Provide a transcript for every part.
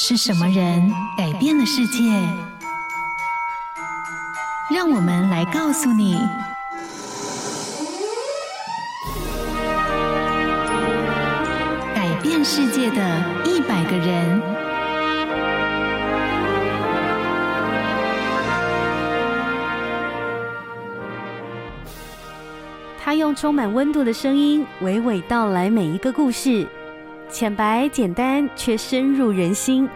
是什麼人改變了世界？讓我們來告訴你，改變世界的一百個人。他用充滿溫度的聲音，娓娓道來每一個故事。淺白簡單卻深入人心，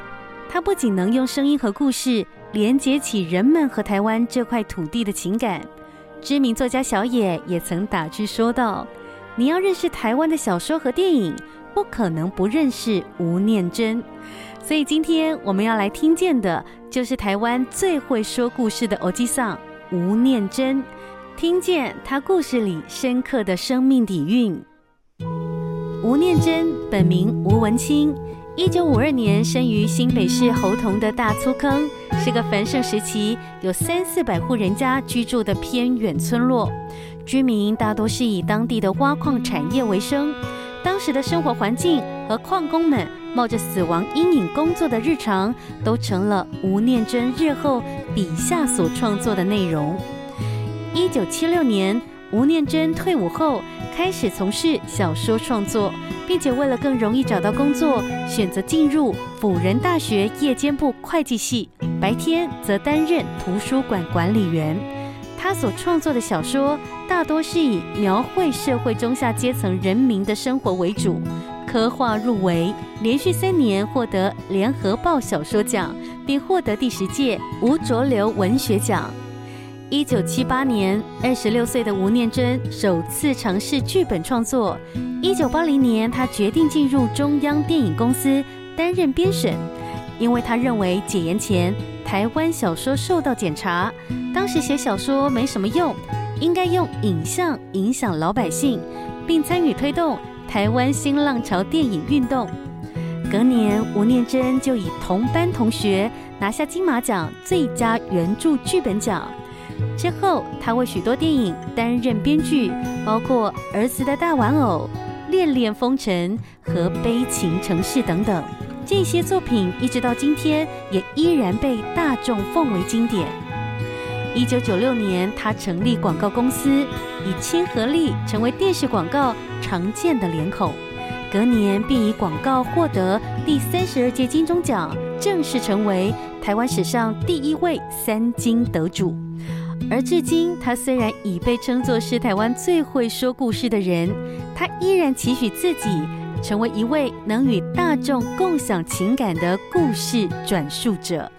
它不僅能用聲音和故事連接起人們和台灣這塊土地的情感。知名作家小野也曾打趣說道：“你要認識台灣的小說和電影，不可能不認識吳念真。”所以今天我們要來聽見的，就是台灣最會說故事的歐吉桑吳念真，聽見他故事裡深刻的生命底蘊。吳念真本名吳文清，一九五二年生於新北市猴硐的大粗坑，是個繁盛時期有三四百戶人家居住的偏遠村落。居民大多是以當地的挖礦產業為生，當時的生活環境和礦工們冒着死亡陰影工作的日常，都成了吳念真日後筆下所創作的內容。一九七六年，吳念真退伍後，開始從事小說創作，並且為了更容易找到工作，選擇進入輔仁大學夜間部會計系，白天則擔任圖書館管理員。他所創作的小說大多是以描繪社會中下階層人民的生活為主。刻畫入圍，連續三年獲得《聯合報》小說獎，並獲得第十屆吳濁流文學獎。一九七八年，二十六歲的吳念真首次嘗試劇本創作。一九八零年，他決定進入中央電影公司擔任編審，因為他認為解嚴前台灣小說受到檢查，當時寫小說沒什麼用，應該用影像影響老百姓，並參與推動台灣新浪潮電影運動。隔年，吳念真就以同班同學拿下金馬獎最佳原著劇本獎。之後，他為許多電影擔任編劇，包括《兒子的大玩偶》《戀戀風塵》和《悲情城市》等等。這些作品一直到今天也依然被大眾奉為經典。一九九六年，他成立廣告公司，以親和力成為電視廣告常見的臉孔。隔年，便以廣告獲得第三十二屆金鐘獎，正式成為台灣史上第一位三金得主。而至今，他雖然已被稱作是台灣最會說故事的人，他依然期許自己成為一位能與大眾共享情感的故事轉述者。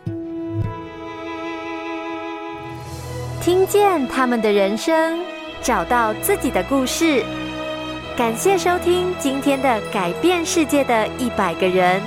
聽見他們的人生，找到自己的故事。感謝收聽今天的《改變世界的一百個人》。